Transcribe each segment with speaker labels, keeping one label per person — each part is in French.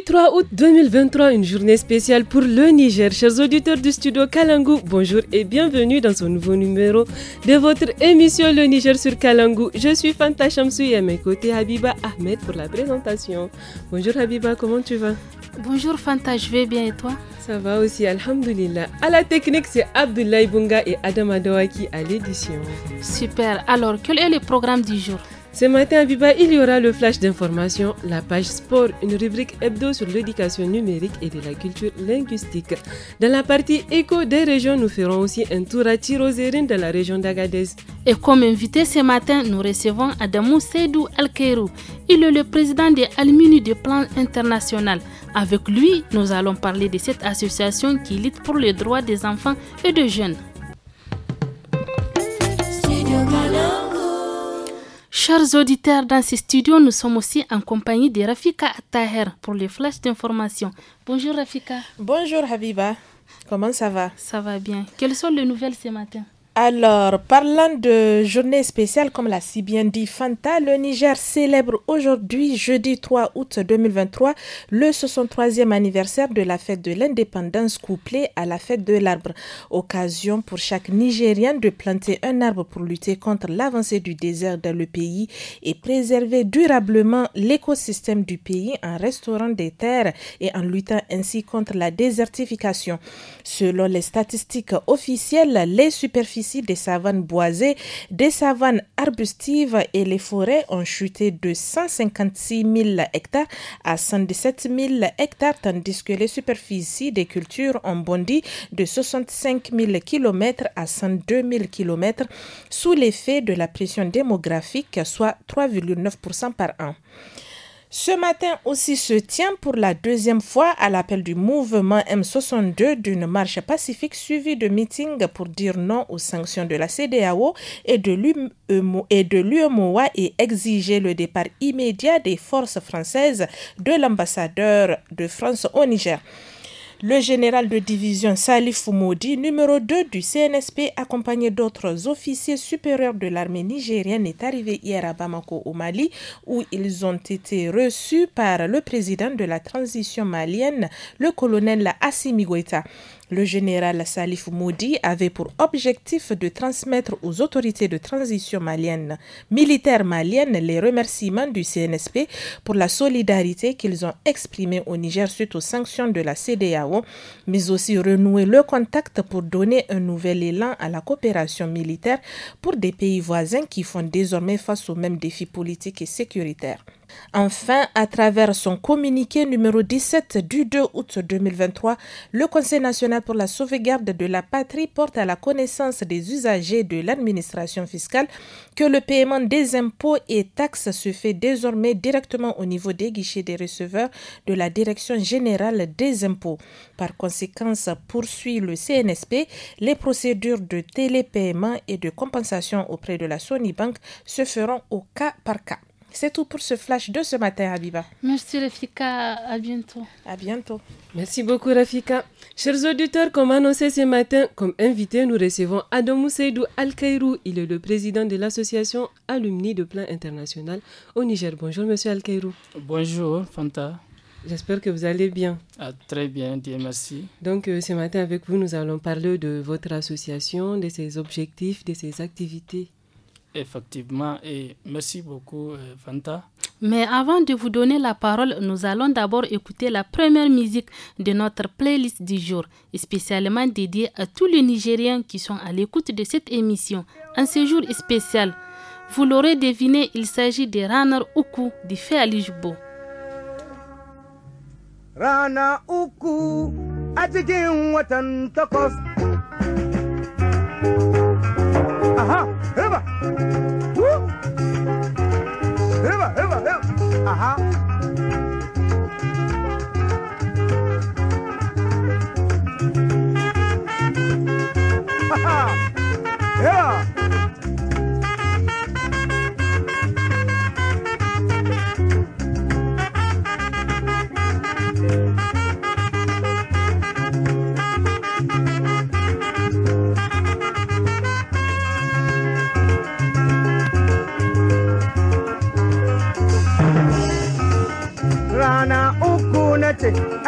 Speaker 1: 3 août 2023, une journée spéciale pour le Niger. Chers auditeurs du studio Kalangu, bonjour et bienvenue dans ce nouveau numéro de votre émission Le Niger sur Kalangu. Je suis Fanta Chamsou et à mes côtés Habiba Ahmed pour la présentation. Bonjour Habiba, comment tu vas Bonjour Fanta, je vais bien et toi Ça va aussi, Alhamdulillah. À la technique, c'est Abdoulaye Bunga et Adam Adouaki à l'édition. Super,
Speaker 2: alors quel est
Speaker 1: le programme du jour ce matin à Biba, il y aura le flash d'information, la page sport, une rubrique hebdo sur l'éducation numérique et de la culture linguistique. Dans la partie éco des régions, nous ferons aussi un tour à Tirozérine dans la région d'Agadez. Et comme invité ce matin, nous recevons Adamou
Speaker 2: Seydou Alkeirou. Il est le président des Almini de plan international. Avec lui, nous allons parler de cette association qui lutte pour les droits des enfants et des jeunes. Chers auditeurs, dans ce studio, nous sommes aussi en compagnie de Rafika Taher pour les flashs d'information. Bonjour Rafika. Bonjour Habiba. Comment ça va Ça va bien. Quelles sont les nouvelles ce matin
Speaker 3: alors, parlant de journée spéciale, comme l'a si bien dit Fanta, le Niger célèbre aujourd'hui, jeudi 3 août 2023, le 63e anniversaire de la fête de l'indépendance couplée à la fête de l'arbre. Occasion pour chaque Nigérien de planter un arbre pour lutter contre l'avancée du désert dans le pays et préserver durablement l'écosystème du pays en restaurant des terres et en luttant ainsi contre la désertification. Selon les statistiques officielles, les superficies des savanes boisées, des savanes arbustives et les forêts ont chuté de 156 000 hectares à 117 000 hectares, tandis que les superficies des cultures ont bondi de 65 000 km à 102 000 km sous l'effet de la pression démographique, soit 3,9% par an. Ce matin aussi se tient pour la deuxième fois à l'appel du mouvement M62 d'une marche pacifique suivie de meetings pour dire non aux sanctions de la CDAO et de l'UMOA et exiger le départ immédiat des forces françaises de l'ambassadeur de France au Niger. Le général de division Salif Moudi, numéro 2 du CNSP, accompagné d'autres officiers supérieurs de l'armée nigérienne, est arrivé hier à Bamako au Mali, où ils ont été reçus par le président de la transition malienne, le colonel Assimi Goïta. Le général Salif Moudi avait pour objectif de transmettre aux autorités de transition malienne, militaires maliennes, les remerciements du CNSP pour la solidarité qu'ils ont exprimée au Niger suite aux sanctions de la CDAO, mais aussi renouer le contact pour donner un nouvel élan à la coopération militaire pour des pays voisins qui font désormais face aux mêmes défis politiques et sécuritaires. Enfin, à travers son communiqué numéro 17 du 2 août 2023, le Conseil national pour la sauvegarde de la patrie porte à la connaissance des usagers de l'administration fiscale que le paiement des impôts et taxes se fait désormais directement au niveau des guichets des receveurs de la Direction générale des impôts. Par conséquent, poursuit le CNSP, les procédures de télépaiement et de compensation auprès de la Sony Bank se feront au cas par cas. C'est tout pour ce flash de ce matin, Habiba.
Speaker 2: Merci Rafika, à bientôt. À bientôt.
Speaker 1: Merci beaucoup Rafika. Chers auditeurs, comme annoncé ce matin, comme invité, nous recevons Adam Mousseidou al Il est le président de l'association Alumni de Plan International au Niger. Bonjour Monsieur al Bonjour Fanta. J'espère que vous allez bien.
Speaker 4: Ah, très bien, Dieu merci.
Speaker 1: Donc euh, ce matin avec vous, nous allons parler de votre association,
Speaker 4: de ses objectifs, de ses activités. Effectivement, et merci beaucoup euh, Fanta.
Speaker 2: Mais avant de vous donner la parole, nous allons d'abord écouter la première musique de notre playlist du jour, spécialement dédiée à tous les Nigériens qui sont à l'écoute de cette émission, un séjour spécial. Vous l'aurez deviné, il s'agit de Rana Uku du
Speaker 5: Rana Uku, a Uh-huh. Ajá. yeah.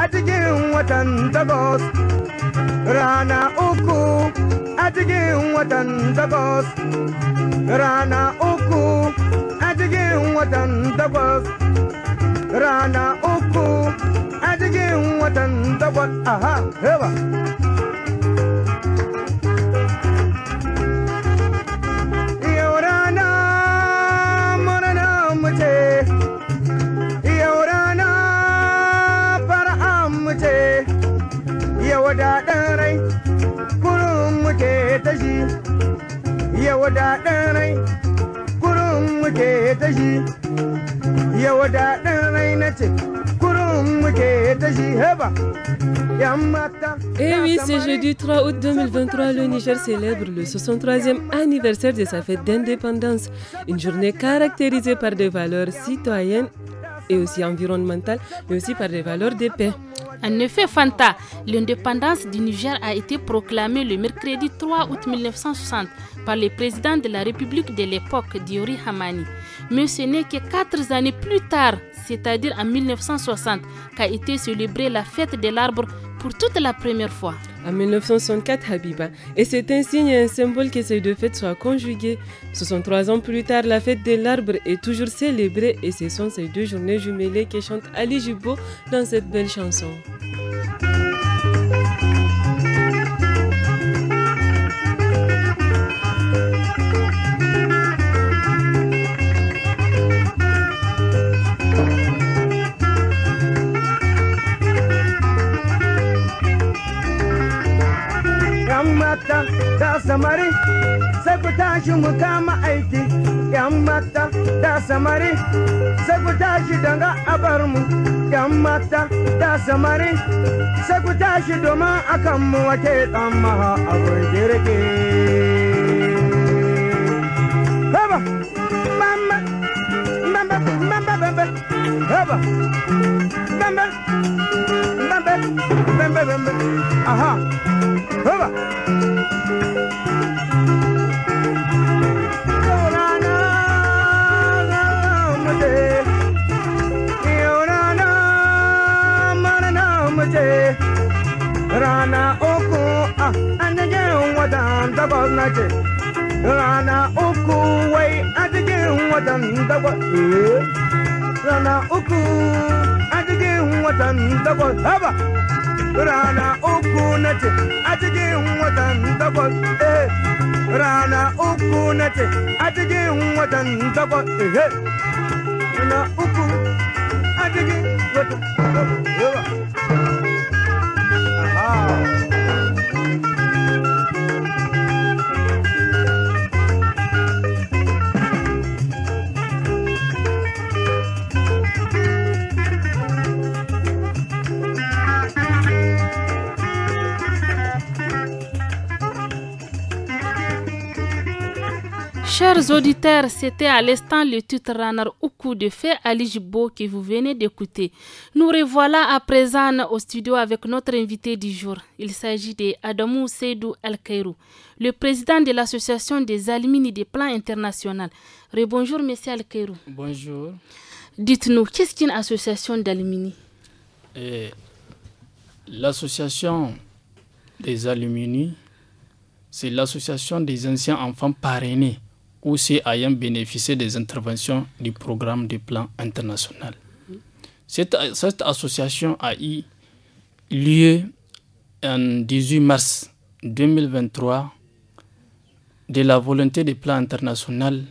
Speaker 5: a cikin watan takwas rana uku a cikin watan takwas rana uku a cikin watan takwas rana uku a cikin watan takwas aha heba Et eh
Speaker 1: oui, c'est jeudi 3 août 2023, le Niger célèbre le 63e anniversaire de sa fête d'indépendance, une journée caractérisée par des valeurs citoyennes et aussi environnementales, mais aussi par des valeurs de paix.
Speaker 2: En effet, Fanta, l'indépendance du Niger a été proclamée le mercredi 3 août 1960 par le président de la République de l'époque, Diori Hamani. Mais ce n'est que quatre années plus tard, c'est-à-dire en 1960, qu'a été célébrée la
Speaker 1: fête de l'arbre pour toute la première fois. En 1964, Habiba. Et c'est un signe et un symbole que ces deux fêtes soient conjuguées. 63 ans plus tard, la fête de l'arbre est toujours célébrée et ce sont ces deux journées jumelées que chante Ali Jubo dans cette belle chanson.
Speaker 5: mata da samari sai ku tashi mu kama aiki yan mata da samari sai ku tashi danga abar mu yan mata da samari sai ku tashi domin akan mu wake dan maha abin ati adịghị nweta I ihe na ukwu adịghị nweta ndọkọ
Speaker 2: Mes auditeurs, c'était à l'instant le titre Ranar de Fait Ali que vous venez d'écouter. Nous revoilà à présent au studio avec notre invité du jour. Il s'agit de Adamou Seydou El Kairou, le président de l'association des Alumini des plans international. Rebonjour, monsieur El Kairou.
Speaker 4: Bonjour.
Speaker 2: Dites-nous, qu'est-ce qu'une association d'alumini
Speaker 4: euh, L'association des alumini, c'est l'association des anciens enfants parrainés ou si ayant bénéficié des interventions du programme du plan international. Cette, cette association a eu lieu en 18 mars 2023 de la volonté du plan international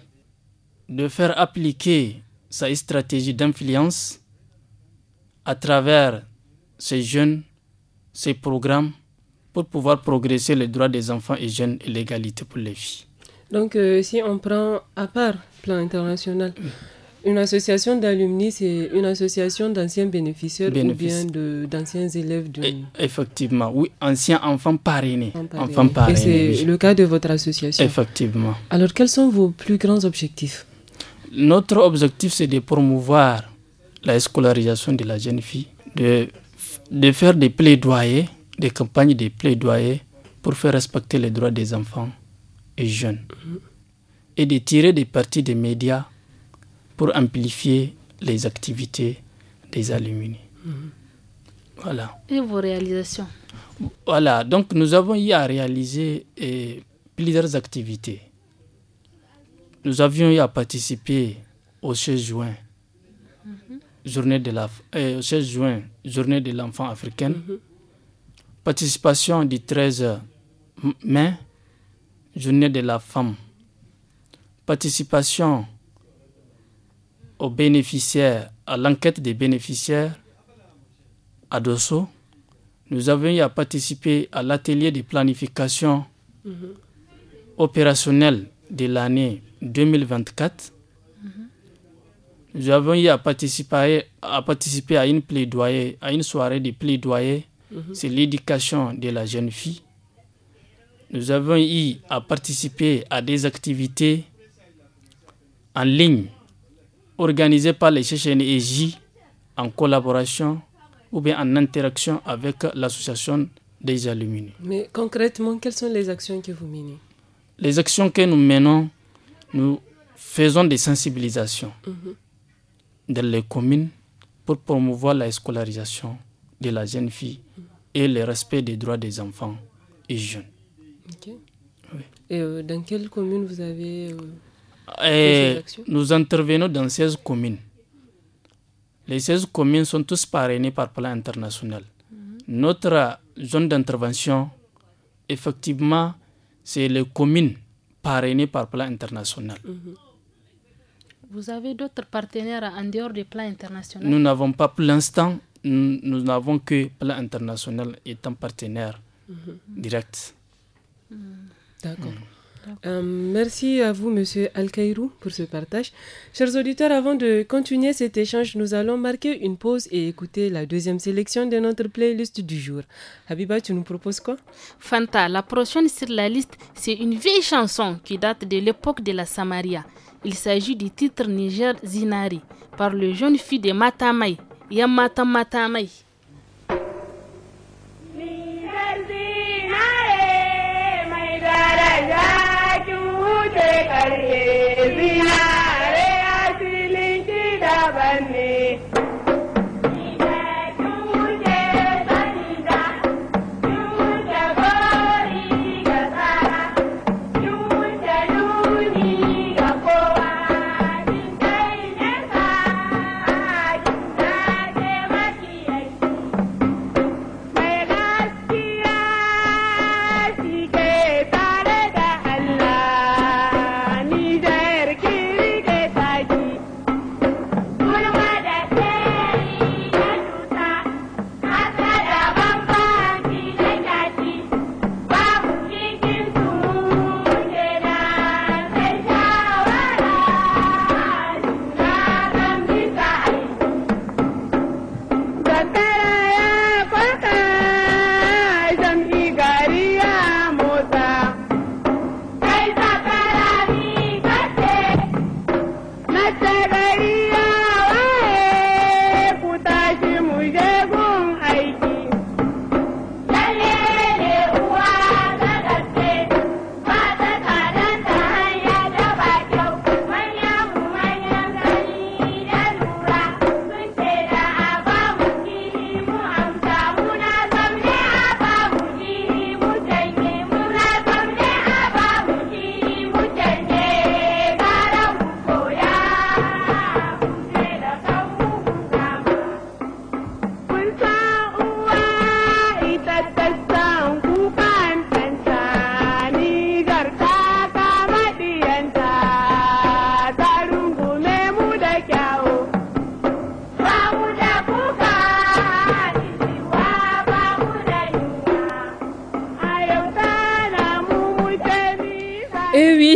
Speaker 4: de faire appliquer sa stratégie d'influence à travers ces jeunes, ces programmes, pour pouvoir progresser les droits des enfants et jeunes et l'égalité pour les filles.
Speaker 1: Donc, euh, si on prend à part plan international, une association d'alumni, c'est une association d'anciens bénéficiaires ou bien
Speaker 4: d'anciens élèves de... Effectivement, oui, anciens enfants parrainés. Et c'est le cas de votre
Speaker 1: association. Effectivement. Alors, quels sont vos plus grands objectifs
Speaker 4: Notre objectif, c'est de promouvoir la scolarisation de la jeune fille, de, de faire des plaidoyers, des campagnes de plaidoyers pour faire respecter les droits des enfants jeunes et de tirer des parties des médias pour amplifier les activités des alumni. Voilà.
Speaker 2: Et vos réalisations
Speaker 4: Voilà, donc nous avons eu à réaliser eh, plusieurs activités. Nous avions eu à participer au 16 juin, journée de la, 16 eh, juin, journée de l'enfant africaine. Mhm. Participation du 13 mai journée de la femme, participation aux bénéficiaires, à l'enquête des bénéficiaires à Dosso. Nous avons eu à participer à l'atelier de planification mhm. opérationnelle de l'année 2024. Nous avons eu à participer, à une plaidoyer, à une soirée de plaidoyer mhm. C'est sur l'éducation de la jeune fille. Nous avons eu à participer à des activités en ligne organisées par les CHNEJ en collaboration ou bien en interaction avec l'association des alumni.
Speaker 1: Mais concrètement, quelles sont les actions que vous menez
Speaker 4: Les actions que nous menons, nous faisons des sensibilisations mhm. dans les communes pour promouvoir la scolarisation de la jeune fille et le respect des droits des enfants et jeunes.
Speaker 1: Et euh, dans quelles communes vous avez euh, Nous
Speaker 4: intervenons dans 16 communes. Les 16 communes sont tous parrainées par plan international. Mhm. Notre zone d'intervention, effectivement, c'est les communes parrainées par plan international.
Speaker 2: Mhm. Vous avez d'autres partenaires en dehors du plan international Nous
Speaker 4: n'avons pas pour l'instant, nous n'avons que plan international étant partenaire mhm. direct. D'accord.
Speaker 1: Euh, merci à vous, Monsieur Alkaïrou pour ce partage. Chers auditeurs, avant de continuer cet échange, nous allons marquer une pause et écouter la deuxième sélection de notre playlist du jour. Habiba, tu nous proposes quoi Fanta, la prochaine sur la liste, c'est une
Speaker 2: vieille chanson qui date de l'époque de la Samaria. Il s'agit du titre Niger Zinari par le jeune fille de Matamai, Yamata Matamai.
Speaker 6: We karye zinare asilin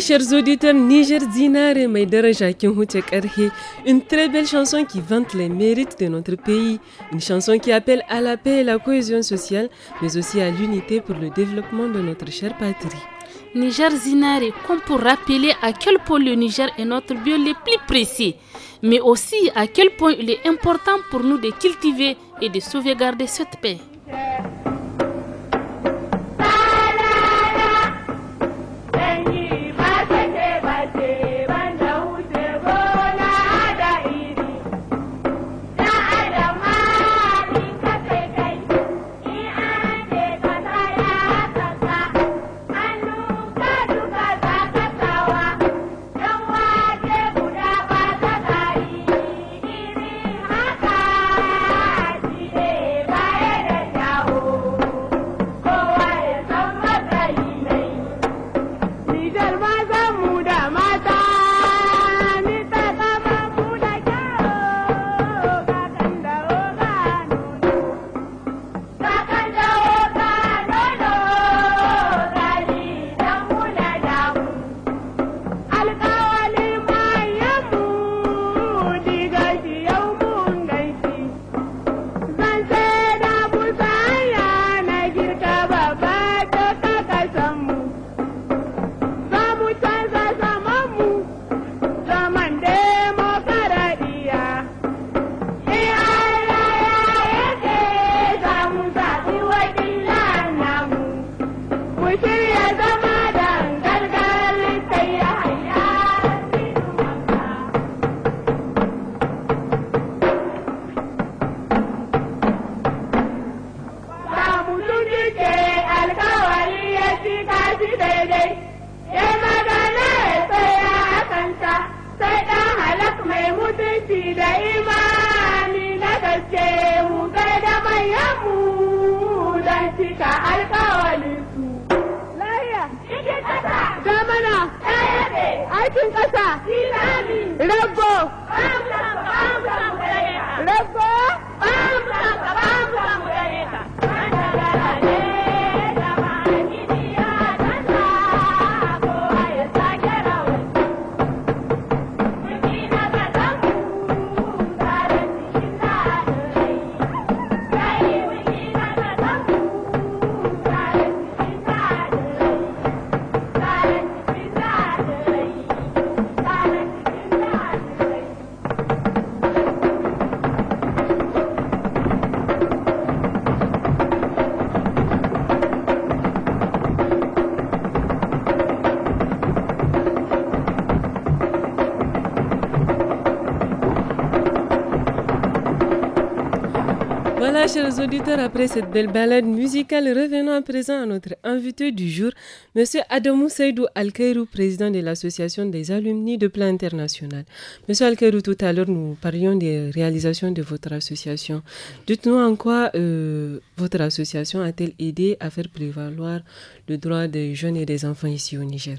Speaker 1: chers auditeurs, Niger Dinar et une très belle chanson qui vante les mérites de notre pays, une chanson qui appelle à la paix et la cohésion sociale, mais aussi à l'unité pour le développement de notre chère patrie.
Speaker 2: Niger Zinare, comme pour rappeler à quel point le Niger est notre bio le plus précis, mais aussi à quel point il est important pour nous de cultiver et de sauvegarder cette paix.
Speaker 6: ka alkawalin su. Lariya. Cikin ƙasa. Damana.
Speaker 7: Kayabe. Aikin ƙasa.
Speaker 6: Silami. Rabbo. Rabbo.
Speaker 1: chers auditeurs, après cette belle balade musicale, revenons à présent à notre invité du jour, M. Adamou Seydou Alkeirou, président de l'Association des alumni de plein international. Monsieur Alkeirou, tout à l'heure, nous parlions des réalisations de votre association. Dites-nous en quoi euh, votre association a-t-elle aidé à faire prévaloir le droit des jeunes et des enfants ici au Niger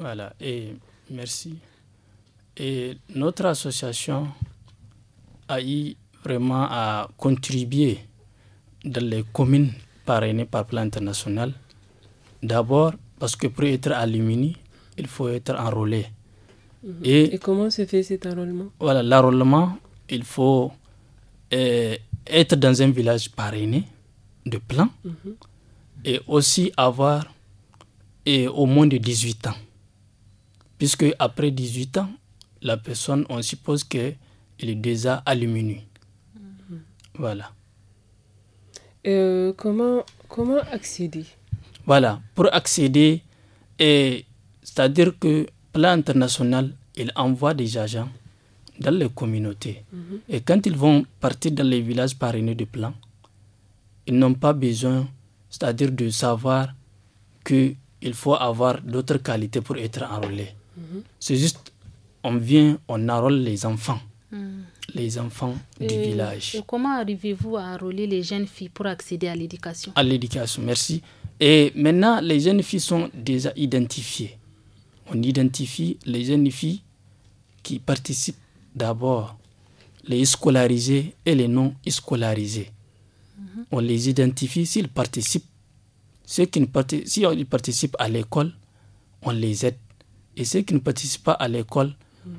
Speaker 4: Voilà, et merci. Et notre association a eu vraiment à contribuer dans les communes parrainées par plan international. D'abord, parce que pour être alumni, il faut être enrôlé. Mhm. Et, comment se fait cet enrôlement Voilà, l'enrôlement, il faut euh, être dans un village parrainé de plan mhm. et aussi avoir et au moins de 18 ans. Puisque après 18 ans, la personne, on suppose qu'elle est déjà alumni. Mhm. Voilà.
Speaker 1: Euh, comment, comment accéder
Speaker 4: Voilà, pour accéder, c'est-à-dire que plan international, il envoie des agents dans les communautés. Mhm. Et quand ils vont partir dans les villages parrainés de plan, ils n'ont pas besoin, c'est-à-dire de savoir qu'il faut avoir d'autres qualités pour être enrôlé. Mhm. C'est juste, on vient, on enrôle les enfants. Mhm les enfants du village. Euh,
Speaker 2: comment arrivez-vous à enrôler les jeunes filles pour accéder à l'éducation À
Speaker 4: l'éducation, merci. Et maintenant, les jeunes filles sont déjà identifiées. On identifie les jeunes filles qui participent d'abord, les scolarisées et les non scolarisées mhm. On les identifie s'ils participent. Ceux qui ne participent, si ils participent à l'école, on les aide. Et ceux qui ne participent pas à l'école,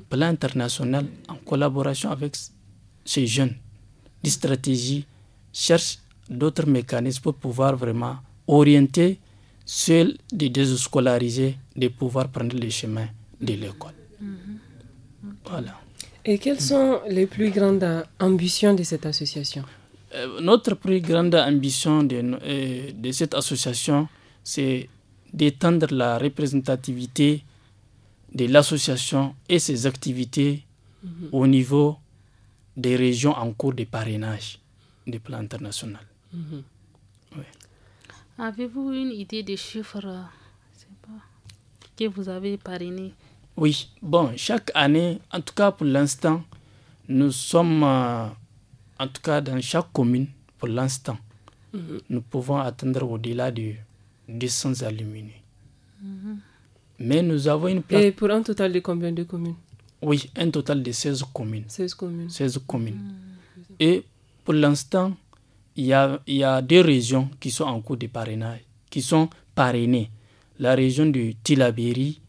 Speaker 4: plan international, en collaboration avec ces jeunes, des stratégies, cherche d'autres mécanismes pour pouvoir vraiment orienter ceux des déscolarisés de pouvoir prendre le chemin de l'école.
Speaker 1: Voilà. Et quelles sont les plus grandes ambitions de cette association
Speaker 4: euh, Notre plus grande ambition de, euh, de cette association, c'est d'étendre la représentativité de l'association et ses activités mhm. au niveau des régions en cours de parrainage du plan international.
Speaker 8: Mhm.
Speaker 2: Avez-vous une idée des chiffres euh, que vous avez parrainés
Speaker 4: Oui, bon, chaque année, en tout cas pour l'instant, nous sommes, euh, en tout cas dans chaque commune, pour l'instant, mhm. nous pouvons atteindre au-delà de 200 alumni. Mais nous avons une Et
Speaker 1: pour un total de combien de communes
Speaker 4: Oui, un total de 16 communes. 16 communes. 16 communes. Ah, et pour l'instant, il y a, y deux régions qui sont en cours de parrainage, qui sont parrainées. La région de Tilabéry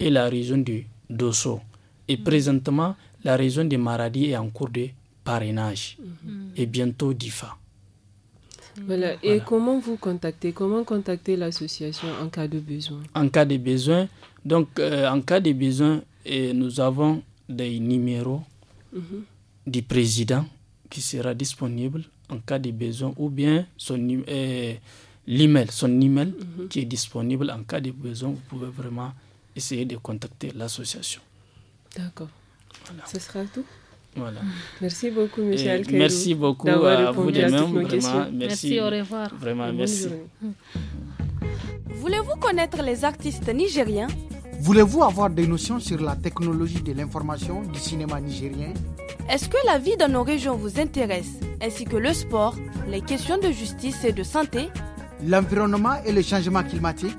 Speaker 4: et la région de Dosso. Et mm. présentement, la région de Maradi est en cours de parrainage. Mm-hmm. Et bientôt Difa.
Speaker 1: Et comment vous contacter Comment contacter l'association en cas de besoin
Speaker 4: En cas de besoin, donc euh, en cas de besoin, nous avons des numéros mhm. du président qui sera disponible en cas de besoin ou bien son euh, mail son email mhm. qui est disponible en cas de besoin. Vous pouvez vraiment essayer de contacter l'association.
Speaker 1: D'accord. Voilà. Ce sera tout. Merci beaucoup, Michel. merci beaucoup à vous de merci,
Speaker 4: merci, au
Speaker 9: revoir. Vraiment, merci. Mmh. Voulez-vous connaître les artistes nigériens
Speaker 10: Voulez-vous avoir des notions sur la technologie de l'information du cinéma nigérien
Speaker 9: Est-ce que la vie dans nos régions vous intéresse, ainsi que le sport, les questions de justice et de santé
Speaker 11: L'environnement et le changement climatique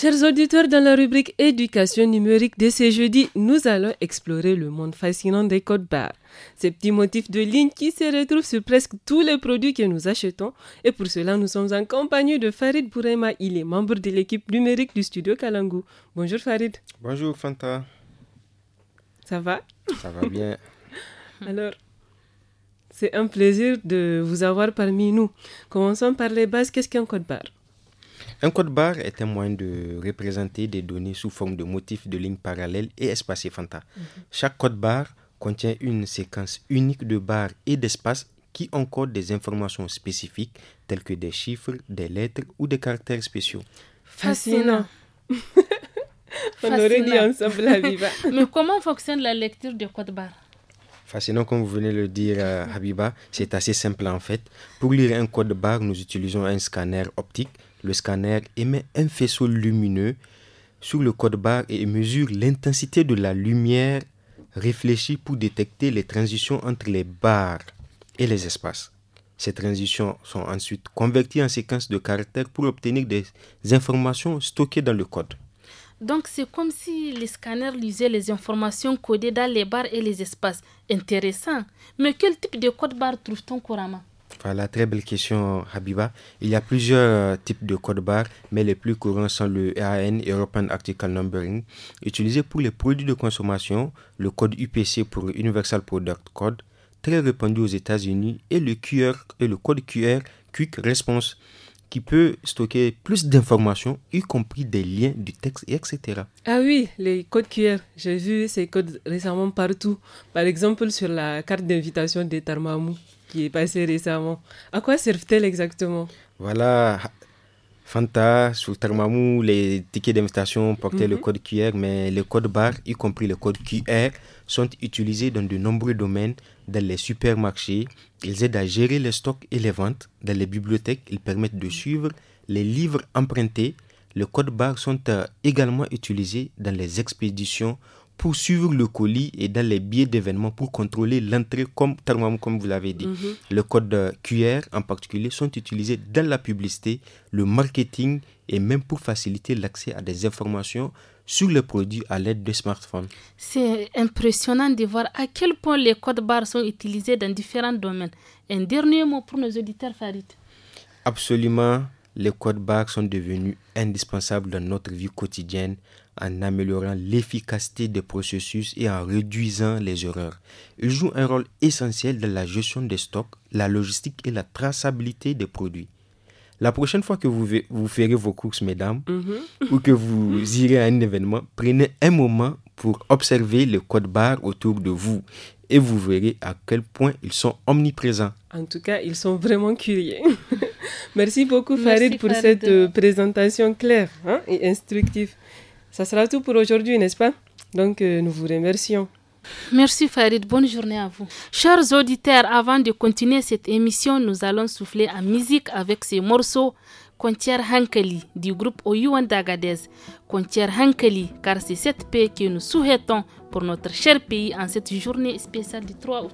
Speaker 1: Chers auditeurs, dans la rubrique éducation numérique de ce jeudi, nous allons explorer le monde fascinant des codes barres. Ces petits motifs de ligne qui se retrouvent sur presque tous les produits que nous achetons. Et pour cela, nous sommes en compagnie de Farid Bourema. Il est membre de l'équipe numérique du studio Kalangu. Bonjour Farid.
Speaker 11: Bonjour Fanta. Ça va Ça va bien.
Speaker 1: Alors, c'est un plaisir de vous avoir parmi nous. Commençons par les bases. Qu'est-ce qu'un code barre
Speaker 11: un code barre est un moyen de représenter des données sous forme de motifs de lignes parallèles et espacées fanta. Mhm. Chaque code barre contient une séquence unique de barres et d'espaces qui encodent des informations spécifiques telles que des chiffres, des lettres ou des caractères spéciaux.
Speaker 1: Fascinant. On aurait dit ensemble Habiba.
Speaker 2: Mais comment fonctionne la lecture de code barre
Speaker 11: Fascinant, comme vous venez de le dire, euh, Habiba, c'est assez simple en fait. Pour lire un code barre, nous utilisons un scanner optique le scanner émet un faisceau lumineux sur le code barre et mesure l'intensité de la lumière réfléchie pour détecter les transitions entre les barres et les espaces. Ces transitions sont ensuite converties en séquences de caractères pour obtenir des informations stockées dans le code.
Speaker 2: Donc c'est comme si les scanners lisaient les informations codées dans les barres et les espaces. Intéressant. Mais quel type de code barre trouve-t-on couramment
Speaker 11: voilà, très belle question, Habiba. Il y a plusieurs euh, types de codes barres, mais les plus courants sont le EAN, European Article Numbering, utilisé pour les produits de consommation, le code UPC pour Universal Product Code, très répandu aux États-Unis, et le QR le code QR Quick Response, qui peut stocker plus d'informations, y compris des liens du texte, etc.
Speaker 1: Ah oui, les codes QR. J'ai vu ces codes récemment partout. Par exemple, sur la carte d'invitation des Tarmamou qui est passé récemment. À quoi servent-elles exactement
Speaker 11: Voilà, Fanta, sur Mamou, les tickets d'invitation portaient le mhm. code QR, mais les code barre, y compris le code QR, sont utilisés dans de nombreux domaines, dans les supermarchés. Ils aident à gérer les stocks et les ventes. Dans les bibliothèques, ils permettent de suivre les livres empruntés. Le code barre sont euh, également utilisés dans les expéditions pour suivre le colis et dans les billets d'événements pour contrôler l'entrée, comme, comme vous l'avez dit. Mhm. Les codes euh, QR en particulier sont utilisés dans la publicité, le marketing et même pour faciliter l'accès à des informations sur les produits à l'aide de smartphones.
Speaker 2: C'est impressionnant de voir à quel point les codes barres sont utilisés dans différents domaines. Un dernier mot pour nos auditeurs, Farid.
Speaker 11: Absolument, les codes barres sont devenus indispensables dans notre vie quotidienne en améliorant l'efficacité des processus et en réduisant les erreurs. Il joue un rôle essentiel dans la gestion des stocks, la logistique et la traçabilité des produits. La prochaine fois que vous, ferez vos courses, mesdames, mm-hmm. ou que vous irez à un événement, prenez un moment pour observer les codes barres autour de vous et vous verrez à quel point ils sont omniprésents.
Speaker 1: En tout cas, ils sont vraiment curieux. Merci beaucoup Farid pour cette euh, présentation claire hein, et instructive. Ça sera tout pour aujourd'hui, n'est-ce pas Donc, euh, nous vous remercions.
Speaker 2: Merci Farid, bonne journée à vous. Chers auditeurs, avant de continuer cette émission, nous allons souffler en musique avec ces morceaux Contière Hankali du groupe Oyuan d'Agadez. Contière Hankali, car c'est cette paix que nous souhaitons pour notre cher pays en cette journée spéciale du 3 août.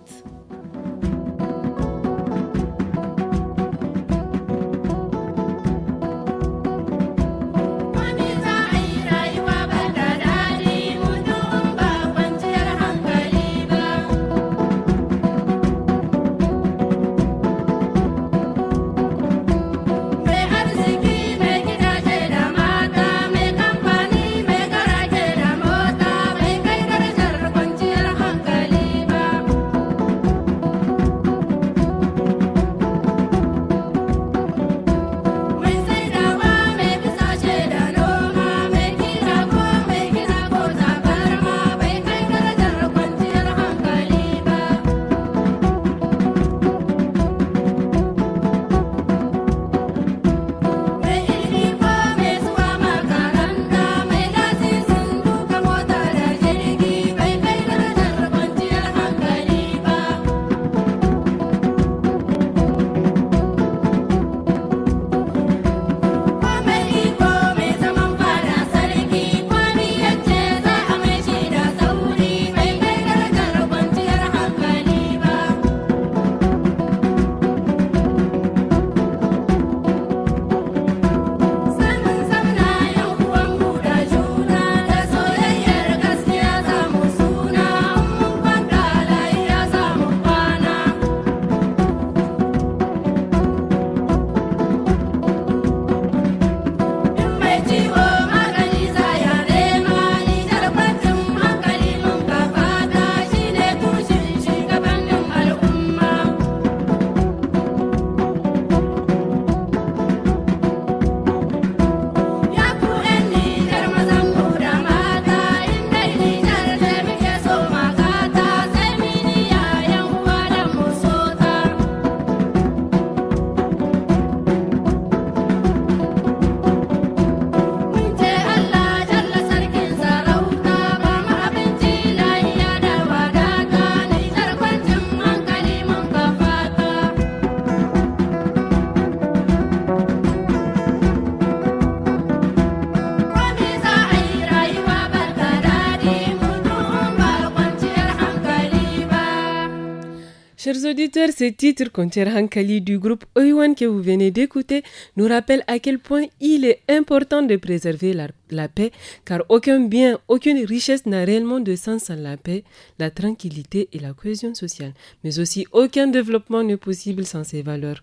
Speaker 1: auditeurs, ce titre un Hankali du groupe Oiwan que vous venez d'écouter nous rappelle à quel point il est important de préserver la, paix, car aucun bien, aucune richesse n'a réellement de sens sans la paix, la tranquillité et la cohésion sociale. Mais aussi, aucun développement n'est possible sans ces valeurs.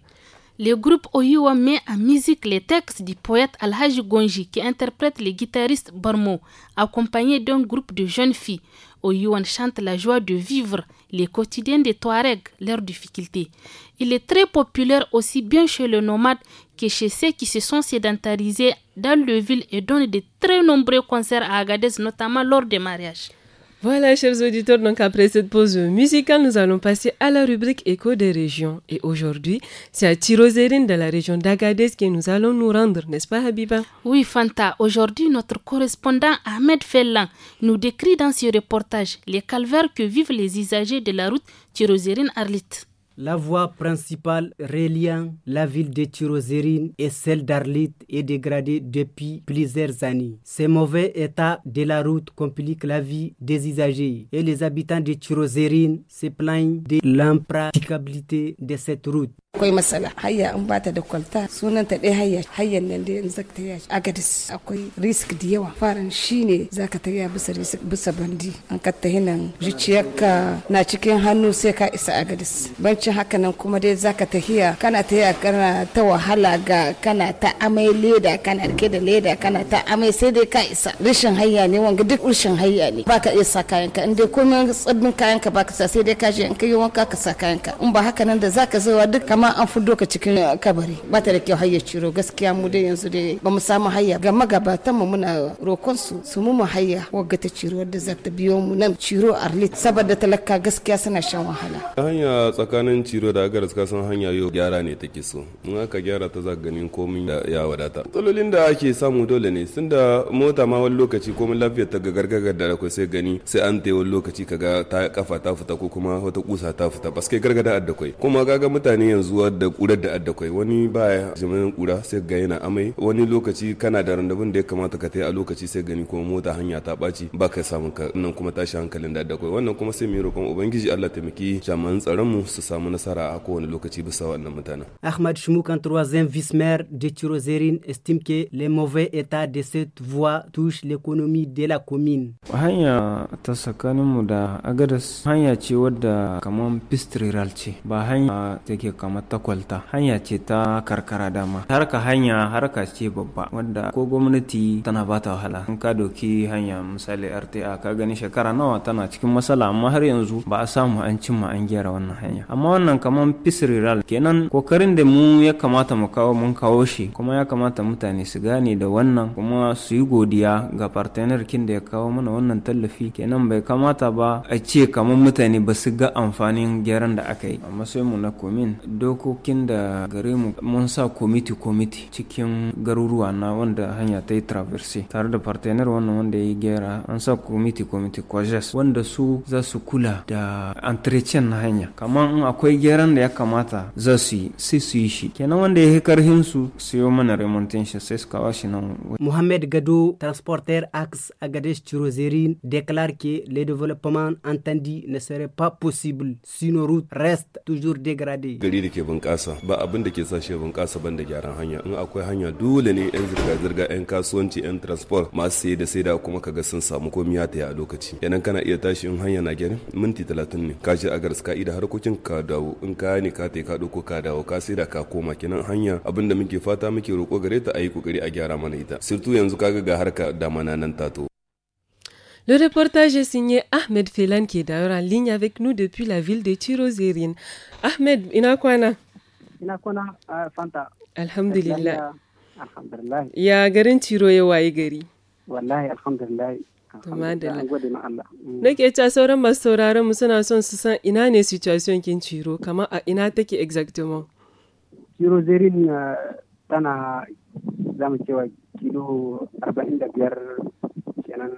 Speaker 1: Le groupe Oyuwa met en musique les textes du poète Alhaji Gonji qui interprète
Speaker 2: les guitaristes Bormo, accompagné d'un groupe de jeunes filles. Yuan chante la joie de vivre, les quotidiens des Touaregs, leurs difficultés. Il est très populaire aussi bien chez les nomades que chez ceux qui se sont sédentarisés dans le ville et donne de très nombreux concerts à Agadez, notamment lors des mariages.
Speaker 1: Voilà, chers auditeurs, donc après cette pause musicale, nous allons passer à la rubrique Écho des régions. Et aujourd'hui, c'est à Tirozérine, dans la région d'Agadez, que nous allons nous rendre, n'est-ce pas, Habiba Oui, Fanta. Aujourd'hui,
Speaker 2: notre correspondant Ahmed Fellan nous décrit dans ce reportage les calvaires que vivent les usagers de la route Tirozérine-Arlit.
Speaker 12: La voie principale reliant la ville de Tirozérine et celle d'Arlit est dégradée depuis plusieurs années. Ce mauvais état de la route complique la vie des usagers et les habitants de Tirozérine se plaignent de l'impraticabilité de cette route.
Speaker 2: akwai matsala hayya in bata da kwalta sunan ta ɗaya hayya hayyan nan da yanzu ta yi agadis akwai risk da yawa farin shine zaka ta ya bisa risk bisa bandi an katta hinan
Speaker 3: zuciyarka
Speaker 2: na cikin hannu sai ka isa agadis bancin haka nan kuma dai zaka ta hiya kana ta hiya kana ta wahala ga kana ta amai leda kana rike da leda kana ta amai sai dai ka isa rashin hayya ne wanga duk rashin hayya ne baka iya sa kayanka in dai komai tsabbin kayanka baka sa sai dai ka je in ka yi wanka ka sa kayanka in ba haka nan da zaka zo duk ma an fuddo ka cikin kabari ba ta da kyau hayya ciro gaskiya mu dai yanzu dai ba mu samu hayya ga magabatan mu muna rokon su su mu mu hayya wagga ta ciro da za ta biyo mu nan ciro arlit saboda talaka gaskiya suna shan wahala
Speaker 13: hanya tsakanin ciro da agar suka san hanya yau gyara ne take so in aka gyara ta za ganin komin ya wadata matsalolin da ake samu dole ne sun da mota ma wani lokaci mun lafiyar ta gargagar da akwai sai gani sai an ta wani lokaci kaga ta kafa ta fita ko kuma wata kusa ta fita baske gargada kai kuma kaga mutane yanzu zuwa da kurar da kai wani baya jimirin kura sai ga yana amai wani lokaci kana da randabun da ya kamata ka tai a lokaci sai gani kuma mota hanya ta baci ba ka samu ka nan kuma tashi hankalin da kai wannan kuma sai mu roƙon ubangiji Allah taimaki jami'an tsaron mu su samu nasara a kowane lokaci bisa wannan mutanen.
Speaker 12: Ahmad Shumuk en troisième vice-maire de Tirozérine estime que le mauvais état de cette voie touche l'économie de la commune.
Speaker 14: Hanya ta mu da Agadas hanya ce wadda kaman piste ce ba hanya take kamar takwalta hanya ce ta karkara dama harka hanya harka ce babba wadda ko gwamnati tana bata wahala in ka doki hanya misali rta ka gani shekara nawa tana cikin matsala amma har yanzu ba a samu an cimma an gyara wannan hanya amma wannan kaman pisriral kenan kokarin da mu ya kamata mu kawo mun kawo shi kuma ya kamata mutane su gane da wannan kuma su yi godiya ga partner kin da ya kawo mana wannan tallafi kenan bai kamata ba a ce kamar mutane ba su ga amfanin gyaran da aka yi Amma sai mu na komin do dokokin da gare mu mun sa komiti komiti cikin garuruwa na wanda hanya ta yi traverse tare da partener wannan wanda ya yi gera an sa komiti komiti kojes wanda su za su kula da entretien na hanya kamar in akwai geran da ya kamata za su yi sai su yi shi kenan wanda ya yi karhin su siyo mana remontin shi sai su kawo shi nan
Speaker 12: muhammad Gado transporter a Agadez Chirozérine déclare que le développement entendu ne serait pas possible si nos routes toujours dégradées.
Speaker 13: yake bunƙasa ba abin da ke sa shi bunƙasa ban da gyaran hanya in akwai hanya dole ne yan zirga zirga yan kasuwanci yan transport masu saye da saida kuma kaga sun samu komiya ta a lokaci yanan kana iya tashi in hanya na gyaran minti talatin ne ka je a garska ida harkokin ka dawo in ka ne ka tai ka ɗauko ka dawo ka saida ka koma kenan hanya abin da muke fata muke roƙo gare ta a yi ƙoƙari a gyara mana ita surtu yanzu kaga ga harka da nan tato
Speaker 1: Le reportage est signé Ahmed Felan qui est d'ailleurs en ligne avec nous depuis la ville de Tirozérine. Ahmed, inakwana. Inakwana Ina ah, Fanta. Alhamdulillah. Alhamdulillah. Ya garin Tiro ya waye gari.
Speaker 10: Wallahi alhamdulillah. Tumadala. Mm.
Speaker 1: Nake ta sauran masu sauraron mu suna son su san ina ne situation kin Tiro kama a ina take exactement.
Speaker 10: Tiro Zerin ah, tana zamu cewa kilo arba'in da biyar kenan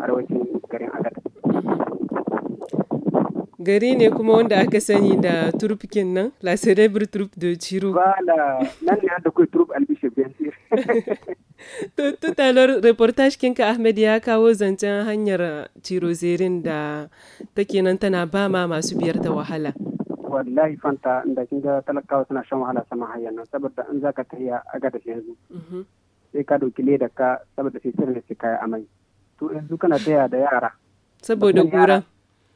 Speaker 10: arewacin garin agat
Speaker 1: gari ne kuma wanda aka sani da turpkin nan la celebre troupe de chiro
Speaker 10: Wala nan ne da kai troupe albishir bien sûr
Speaker 1: to tout à l'heure reportage kinka ahmed ya kawo zancen hanyar zerin da take nan tana ba ma masu biyar ta wahala
Speaker 10: wallahi fanta inda kin ga talakawa suna shan wahala sama hayyan nan saboda an zaka tafiya aga da yanzu mhm. sai ka dauki leda ka saboda sai sai da kaya amai to yanzu kana taya da yara saboda kura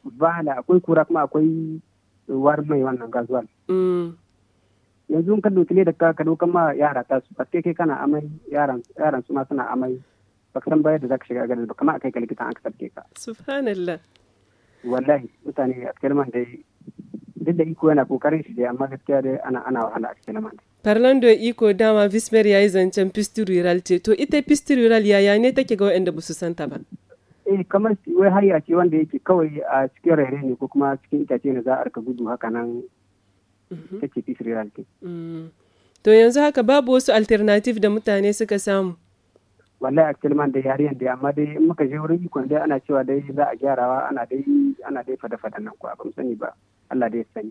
Speaker 10: bala akwai kura kuma akwai war mai wannan gazuwal mm. yanzu ka dauki leda ka ka dauka ma yara ta su paske kai kana amai yaran yaran su ma suna amai baka san bayar da zaka shiga gari ba kamar akai ka likitan an sabke ka
Speaker 1: subhanallah
Speaker 10: wallahi mutane a kalmar dai duk da iko yana kokarin shi dai amma gaskiya dai ana ana wahala a kalman dai
Speaker 1: Parlan da iko dama Vismer yayi zancen Pisti Rural ce, to ita Pisti Rural yaya ne take ga waɗanda ba su santa ba?
Speaker 10: Eh kamar wai haya ce wanda yake kawai a cikin raire ne ko kuma cikin itace ne za a arka gudu haka nan mhm. take Pisti Rural ce.
Speaker 1: Mm. To yanzu haka babu wasu alternative da mutane suka samu. wallahi
Speaker 10: actually da yariyan da amma dai muka je wurin iko dai ana cewa dai za a gyarawa ana dai ana dai fada fadan nan ko ba mu sani ba Allah dai ya sani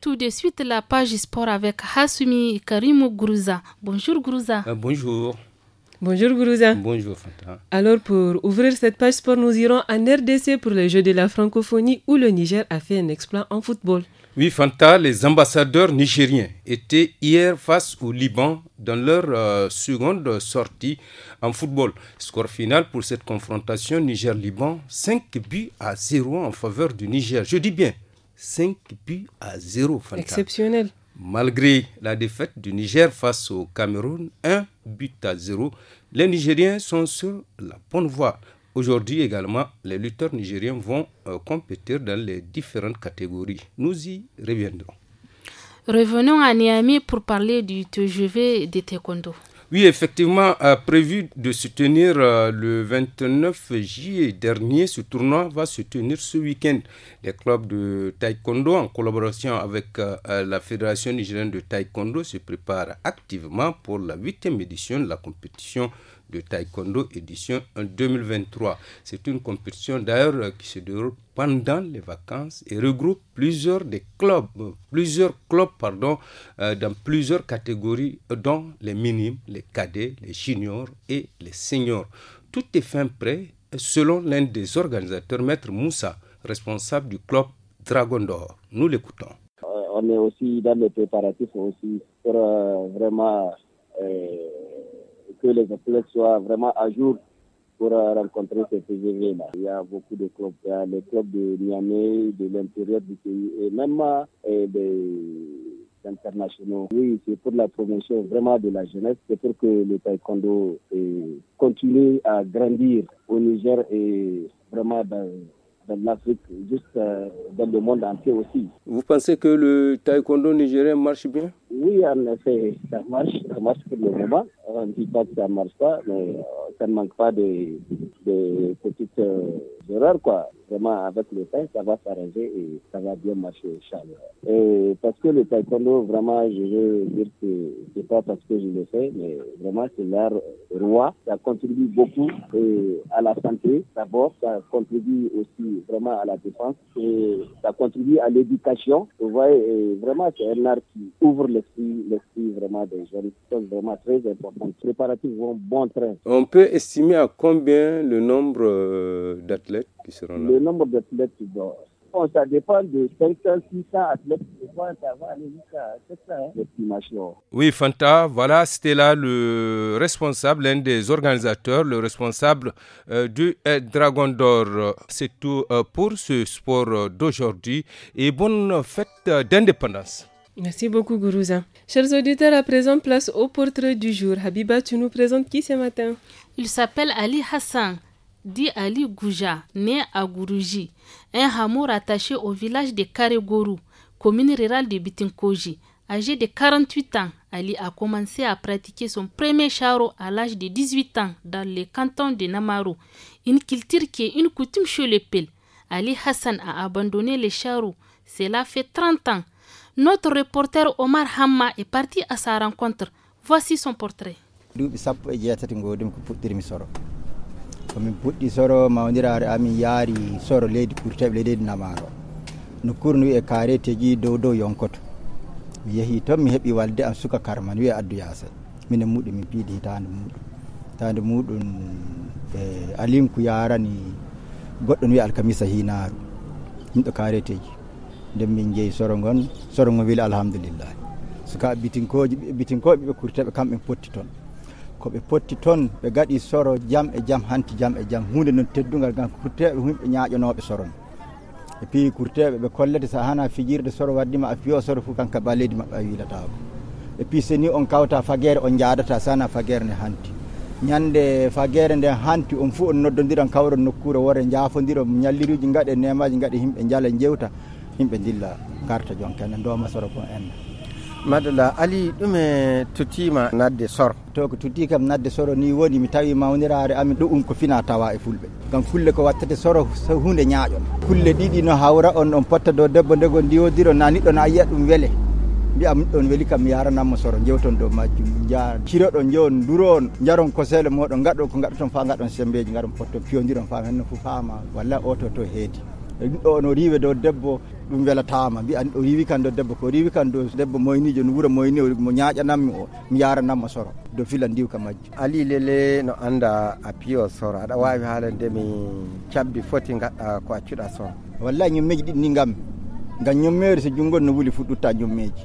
Speaker 2: tout de suite la page sport avec Hasumi Karimou Gourouza.
Speaker 1: Bonjour Gourouza. Euh, bonjour. Bonjour Gourouza. Bonjour Fanta. Alors pour ouvrir cette page sport, nous irons en RDC pour les Jeux de la francophonie où le Niger a fait un exploit en football.
Speaker 15: Oui Fanta, les ambassadeurs nigériens étaient hier face au Liban dans leur euh, seconde sortie en football. Score final pour cette confrontation Niger-Liban, 5 buts à 0 en faveur du Niger. Je dis bien 5 buts à 0. Exceptionnel. Malgré la défaite du Niger face au Cameroun, 1 but à 0, les Nigériens sont sur la bonne voie. Aujourd'hui également, les lutteurs nigériens vont euh, compétir dans les différentes catégories. Nous y reviendrons.
Speaker 2: Revenons à Niamey pour parler du TGV de Taekwondo.
Speaker 15: Oui, effectivement, prévu de se tenir euh, le 29 juillet dernier, ce tournoi va se tenir ce week-end. Les clubs de taekwondo, en collaboration avec euh, la Fédération nigérienne de taekwondo, se préparent activement pour la huitième édition de la compétition de taekwondo édition en 2023. C'est une compétition d'ailleurs euh, qui se déroule pendant les vacances et regroupe plusieurs des clubs, plusieurs clubs pardon, euh, dans plusieurs catégories, euh, dont les minimes, les cadets, les juniors et les seniors. Tout est fin prêt selon l'un des organisateurs, Maître Moussa, responsable du club Dragon d'Or. Nous l'écoutons.
Speaker 7: on est aussi dans les préparatifs aussi pour vraiment que les athlètes soient vraiment à jour pour euh, rencontrer ces PGV-là. Il y a beaucoup de clubs, il y a les clubs de Niamey, de l'intérieur du pays et même euh, des internationaux. Oui, c'est pour la promotion vraiment de la jeunesse, c'est pour que le taekwondo euh, continue à grandir au Niger et vraiment dans l'Afrique, juste euh, dans le monde entier aussi.
Speaker 15: Vous pensez que le taekwondo nigérien marche bien
Speaker 7: Oui, en effet, ça marche, ça marche pour le moment. On ne dit pas que ça ne marche pas, mais euh, ça ne manque pas de, de petites... Euh, erreurs, quoi. Vraiment, avec le temps, ça va s'arranger et ça va bien marcher, Charles. Et parce que le taekwondo, vraiment, je veux dire que c'est pas parce que je le fais, mais vraiment, c'est l'art roi. Ça contribue beaucoup à la santé, d'abord. Ça contribue aussi vraiment à la défense et ça contribue à l'éducation. Vous voyez, vraiment, c'est un art qui ouvre l'esprit, l'esprit vraiment des jeunes. C'est vraiment très important. Les préparatifs vont bon train.
Speaker 15: On peut estimer à combien le nombre euh, d'athlètes qui seront Le nombre d'athlètes, bon,
Speaker 7: ça dépend de 500, 600 athlètes. C'est ça va
Speaker 15: Oui, Fanta, voilà, c'était là le responsable, l'un des organisateurs, le responsable euh, du euh, Dragon d'Or. C'est tout euh, pour ce sport d'aujourd'hui et bonne fête d'indépendance.
Speaker 1: Merci beaucoup, Gourouza. Chers auditeurs, à présent, place au portrait du jour. Habiba, tu nous présentes qui ce matin Il s'appelle Ali Hassan
Speaker 2: dit Ali Gouja, né à Gourouji, un hameau rattaché au village de Karegourou, commune rurale de Bitinkoji. Âgé de 48 ans, Ali a commencé à pratiquer son premier charo à l'âge de 18 ans dans le canton de Namarou, une culture qui est une coutume chez les Pel. Ali Hassan a abandonné les charo, Cela fait 30 ans. Notre reporter Omar Hamma est parti à sa rencontre. Voici son portrait.
Speaker 16: komin puɗɗi soro mawnirare amin yaari soro leydi kurteɓe leydi namaro nokkur no wiye kaare teji dow dow yonkoto mi yeehi toon mi heeɓi walde am suka karman wiye addu yasay minen muɗum min piidi hitande muɗum hitande muɗum e alinku yarani goɗɗo no wiya alkamisa hinaru min ɗo kareteji nden min jeeyi soro gon soro gon weeli alhamdulillah sukaɓe bitinkoji bitinkoɓe ɓe kurteɓe kamɓe potti toon ko ɓe potti toon ɓe gaɗi soro jam e jam hanti jam e jam hunde noon teddugal gam kurteɓe yimɓe ñaƴonoɓe soron e puis kurteɓe ɓe kollete sa hana fijirde soro waddima a fiyo soro fof kanka baleydi mabɓe a wilatako e puis so ni on kawta fagere on jaadata sana fagere nde hanti ñande fagere nde hanti on fof on noddodiran kawron nokkure wore jaafodira ñalliruji gaɗe nemaji gaɗe yimɓe jaala jewta yimɓe dilla garta jonkene doma soro kon enna madala ali e tutima nadde soro to ko tuti kam nadde soro ni woni mi tawi mawnirare amin ɗo um ko fina tawa e fulɓe gam fulle ko wattete soro so hunde ñaaƴon kulle ɗiɗi no hawra on on potta dow debbo ndego ndiwodiro na niɗo na yiya ɗum wele mbiya ɗon weli kam mi yaranammo soro jewton dow majjum jaa ciroɗon jewon duro on jaron sele moɗon gaɗo ko gaɗoton fa gaɗon sembeji gaɗon potton piyodiron fa henno fo faama walla oto to heedi ɗo no riwe dow debbo ɗum welatama mbi an o riwi kan ɗo debbo ko riwi kan ɗo debbo moynijo no wuuro moyni mo ñaƴanammi o mi yaranamma soro do fila ndiwka majju ali lele no anda a piyo soro aɗa wawi haala ndemi cabbi foti gaɗɗa ko accuɗa soro wallay ñommeji ɗiɗi ni gam gam ñommeri so junggon no wuuli fuɗɗutta ñommeji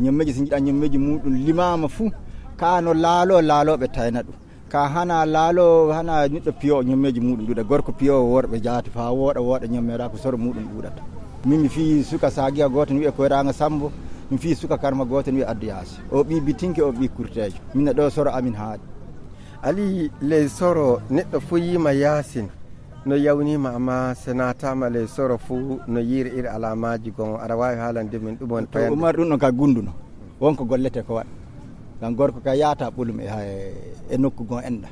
Speaker 16: ñommeji so jiɗa ñommeji muɗum limama fou kano laalo laaloɓe tayna ɗum ka hana laalo hana neɗɗo piyo ñammeji muɗum ɗuɗa gorko piyo worɓe jaati fa wooɗa wooɗa ñammera ko soro muɗum ɗuɗata min mi fii suka sa giya goto ne wiye koyranga sambo mi fii suka karma goto ne wiya addu yaasi o ɓi bitinke o ɓi kurtejo minne ɗo soro amin haaɗi ali ley soro neɗɗo fo yima yaasin no yawnima amma senatama ley soro fo no yiiri iri alamaji gon aɗa wawi haalande min ɗumon umar ɗum ɗon ka gunduno wonko gollete ko waɗa kan gorko kay yata ɓulum e e nokku gon enɗa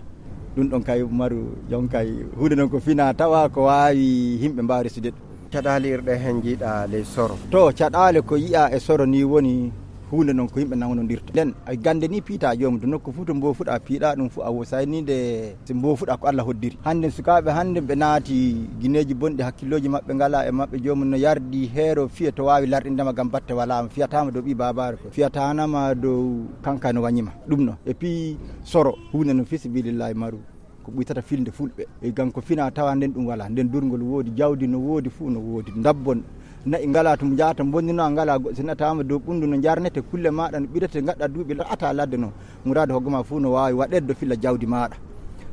Speaker 16: ɗum ɗon kay maru jon kay hunde noon ko fina tawa ko wawi yimɓe mbawi resude ɗum caɗali irɗe hen jiiɗa ley soro to caɗale ko yiya e soro ni woni hunde noon ko yimɓe dirta nden gande ni piita jomum to nokku fuu to mbofuɗa piiɗa ɗum fuu a wosaynide so mbofuɗa ko allah hoddiri hande sukaɓe hande ɓe naati guineji bonɗi hakkilloji mabɓe gala e mabɓe jomum no yardi heero fiya to wawi larɗindema gam batte walama fiyatama dow ɓi babare ko fiyatanama dow kanka no wañima ɗum noon e puis soro hunde no fisibilillahi maru ko ɓuytata filde fulɓe e gam ko fina tawa nden ɗum wala nden durgol woodi jawdi no woodi fuu no woodi dabbon na ingala tum jata bonnino ngala sina tawama dow ɓundu no jarnete kulle maɗa no ɓirete gaɗa duuɓi ata ladde no murade hoggoma fuu no wawi waɗeddo filla jawdi maɗa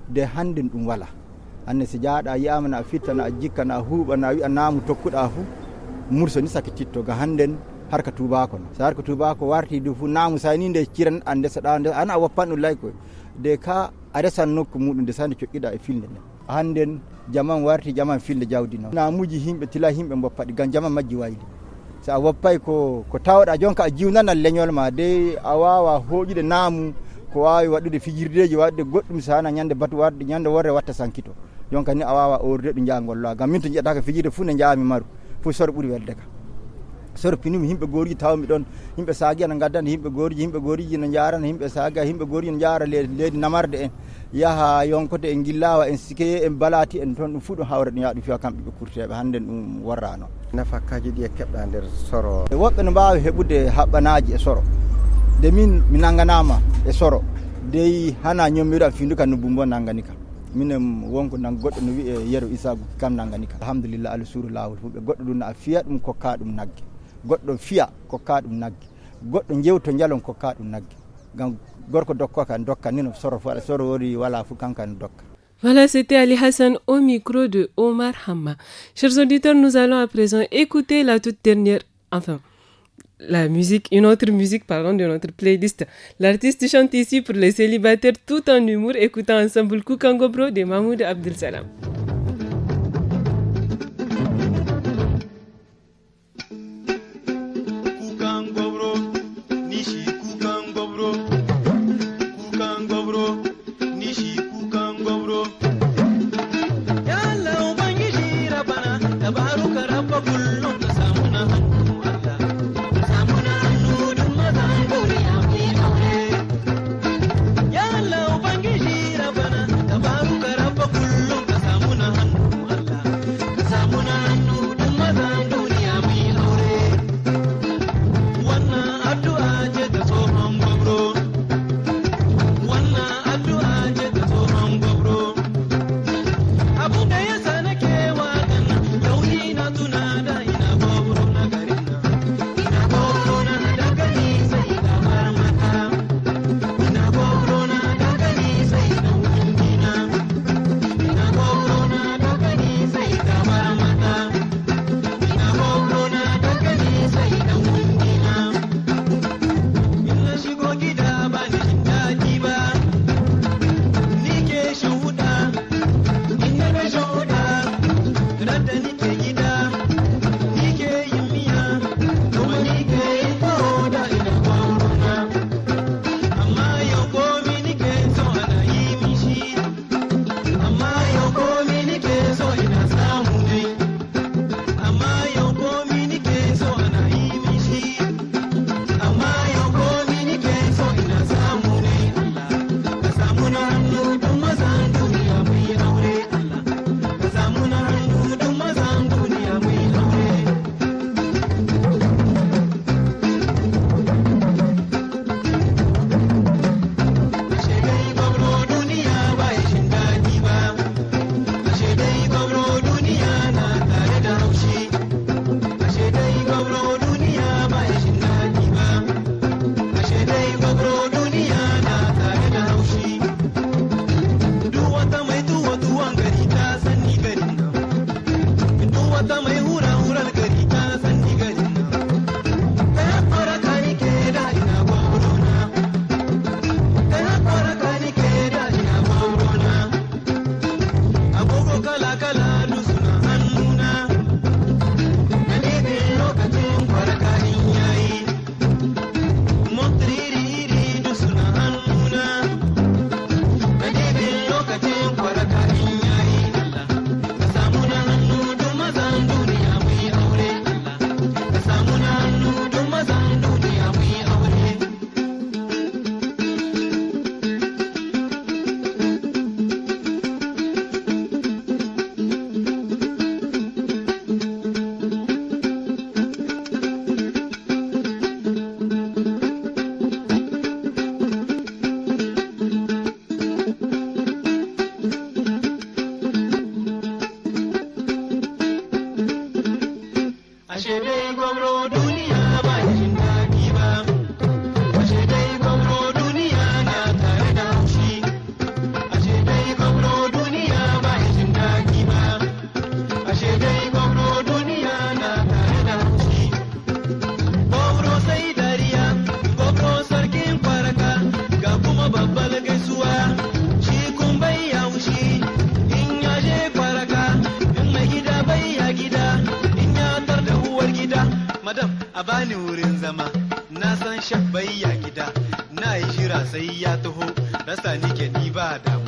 Speaker 16: de hande ɗum wala anne si jaaɗa yiyama na a fittana a jikkana a huuɓana a wiya naamu tokkuɗa fuu murso ni sake tittoga handen harka tubako no so harka tubako warti du namu sa ni nde ciran a ndesaɗa nde ana a woppan ɗum laykoy de ka a resan nokku muɗum de sande coƴƴiɗa e filde nden handen jaman warti jaman filde jawdi na muji himbe tila himɓe boppaɗi gam jaman majji wayli so a woppay ko ko tawɗa jonka a jiwnana leñol ma de a wawa hoƴude naamu ko wawi waɗude fijirdeji waɗude goɗɗum sana ñande batu warde ñande worre watta sankito jonka ni a wawa orde ɗo jagolloa gam min to jiɗata ko fijirde fuu ne jami maru fu sor ɓuuri welde ka sorpinimi himɓe gorji tawmi ɗon himbe saagi ana gaddana himɓe gorji gori gorji ne jarana himbe saaga himɓe gorji ne jara leydi namarde en yaaha yonkote en gillawa en sikeye en balati en toon ɗum fuu ɗum hawra ɗum yaa ɗum fiya kamɓe ɓe kurteɓe hannde ɗum warrano nafa ɗi di e keɓɗa nder soro e woɓɓe no baawi heɓude haɓɓanaji e soro de min mi nangganama e soro dey hana nyomira findu kam no bumbo nangani ka minen wonko nan goɗɗo no e yero isagu kam nangani kam alhamdulillah alsuru suuru lawol fo ɓe goɗɗo ɗum na fiya ɗum kokka ɗum nagge Voilà,
Speaker 1: c'était Ali Hassan au micro de Omar Hamma. Chers auditeurs, nous allons à présent écouter la toute dernière, enfin, la musique, une autre musique, pardon, de notre playlist. L'artiste chante ici pour les célibataires tout en humour, écoutant ensemble Koukangobro de Mahmoud Abdel Salam.
Speaker 17: a bani wurin zama na san shabbai ya gida na yi jira sai ya taho rasa ni ni ba da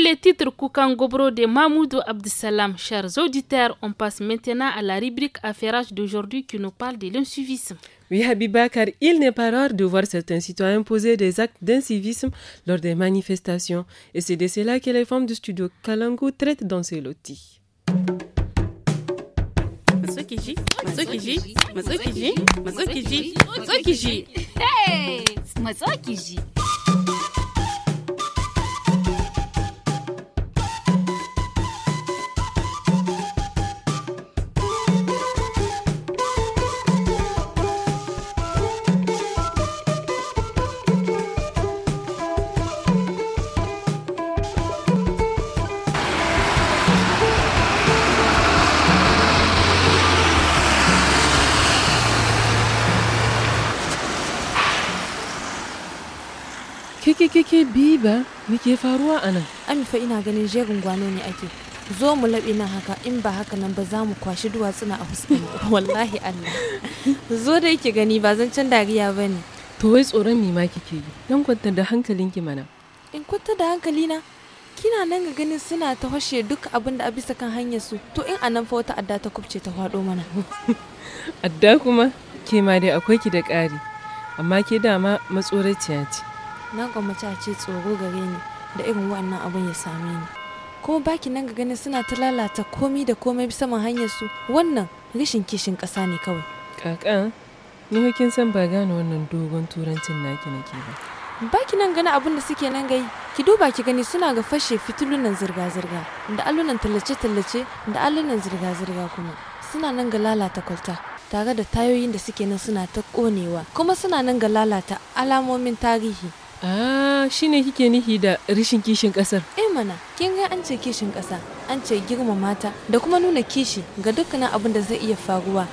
Speaker 2: les le titre Koukan Gobro de Mahmoud Abdissalam. Chers auditeurs, on passe maintenant à la rubrique affaire d'aujourd'hui qui nous parle de l'insuivisme.
Speaker 1: Oui, Habiba, car il n'est pas rare de voir certains citoyens poser des actes d'incivisme lors des manifestations. Et c'est de cela que les femmes du studio Kalango traitent dans ces lotis.
Speaker 2: Hey
Speaker 9: Ke ke biba me ke faruwa a nan? Amifa ina ganin jerin gwano ne ake. Zo mu laɓe nan haka in ba haka nan ba za mu kwashi duwatsuna a husband wallahi Allah. Zo da yake gani ba zan can dariya ba ne. To wai tsoron me ma kike yi? Dan kwanta da hankalinki mana. In kwanta da hankali na Kina nan ga ganin suna ta hashe duk abin da a bisa kan hanyar su. To in a nan fa wata adda ta kubce ta faɗo mana.
Speaker 1: adda kuma? Ke ma dai akwai ki da ƙari. Amma ke dama matsoraciya ce.
Speaker 9: na gwammaci a ce tsoro gare ni da irin wannan abin ya same ni kuma baki nan ga ganin suna ta lalata komi da komai saman hanyar su wannan rishin kishin ƙasa ne kawai kaka ni kin san ba gane wannan dogon turancin naki nake ba baki nan gani abin da suke nan gai ki duba ki gani suna ga fashe fitilunan zirga-zirga da alunan tallace-tallace da alunan zirga-zirga kuma suna nan ga lalata kwalta tare da tayoyin da suke nan suna ta konewa kuma suna nan ga lalata alamomin tarihi
Speaker 1: Ah, ne kike nihi da rishin kishin
Speaker 9: kasar. Eh mana, kin ga an ce kishin ƙasa an ce girma mata da kuma nuna kishi ga dukkanin abin da zai iya faruwa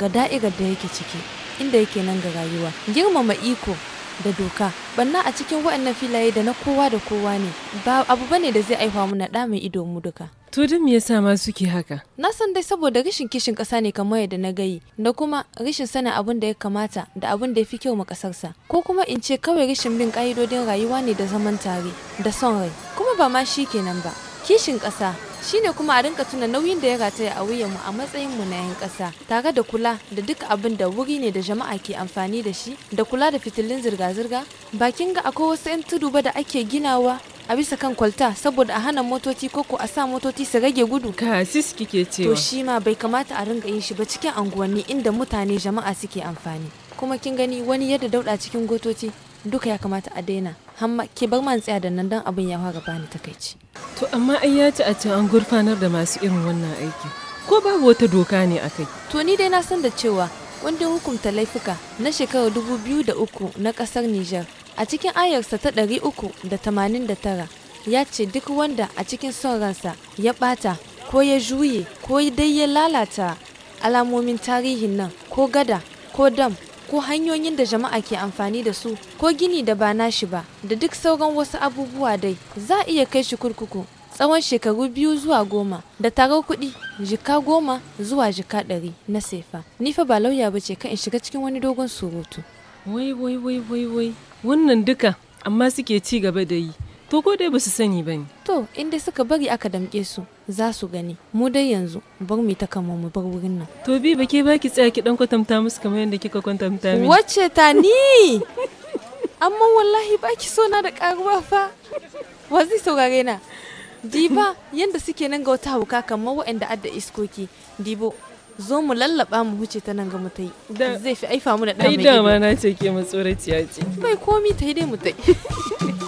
Speaker 9: ga da'irar da yake ciki, inda yake nan ga rayuwa. Girmama iko da doka banna a cikin waɗannan filaye da na kowa da kowa ne ba abu bane da zai aiwa mu na ɗa mai ido mu duka
Speaker 1: To da me yasa ma suke haka?
Speaker 9: Na san dai saboda rashin kishin ƙasa ne kamar yadda na gayi, da kuma rashin sanin abin da ya kamata da abin da ya fi kyau ma ƙasarsa. Ko kuma in ce kawai rashin bin ƙa'idodin rayuwa ne da zaman tare, da son rai. Kuma ba ma shi kenan ba. Kishin ƙasa shi ne kuma a rinka tuna nauyin da ya rataya a wuyanmu a matsayin mu na 'yan ƙasa tare da kula da duk abin da wuri ne da jama'a ke amfani da shi da kula da fitilun zirga-zirga bakin ga akwai wasu 'yan tudu ba da ake ginawa a bisa kan kwalta saboda a hana motoci koko a sa motoci su rage gudu ka sis kike cewa to shi ma bai kamata a ringa yin shi ba cikin anguwanni inda mutane jama'a suke amfani kuma kin gani wani yadda dauda cikin gotoci duka ya kamata a daina hamma ke bar man tsaya da nan dan abin ya fara bani takaici
Speaker 1: to amma ai ya ci a ce an gurfanar da masu irin wannan aiki ko babu wata doka ne akai
Speaker 9: to ni dai na san da cewa wanda hukumta laifuka na shekarar 2003 na kasar Nijar A cikin ayarsa ta ɗari uku da da tamanin tara, ya ce duk wanda a cikin son ransa ya ɓata ko ya juye ko dai ya lalata alamomin tarihin nan ko gada ko dam ko hanyoyin da jama'a ke amfani da su ko gini da ba nashi ba da duk sauran wasu abubuwa dai za a iya kai shi kurkuku tsawon shekaru biyu zuwa goma da tarar kuɗi jika goma zuwa jika ɗari na sefa ni fa ba lauya ba ce kan in shiga cikin wani dogon surutu
Speaker 1: wai wai wai wai wai wannan duka amma suke ci gaba da yi to ko dai basu sani ba ne.
Speaker 9: to inda suka bari aka damke su za su gani mu dai yanzu bar mu ta kama mu bar wurin nan
Speaker 1: to bi ba ke baki tsaya ki dan kwatanta musu kamar yadda kika kwatanta mini wacce ta ni
Speaker 9: amma wallahi baki so na da karuwa fa wa zai saurare na diba yanda suke nan ga wata hauka kamar wa'anda adda iskoki dibo zo mu lallaba mu huce ta nan ga mu tai zai fi aifa mu da ɗan mai gida ai dama
Speaker 1: na ce ke ya ce
Speaker 9: bai komi tai dai mu tai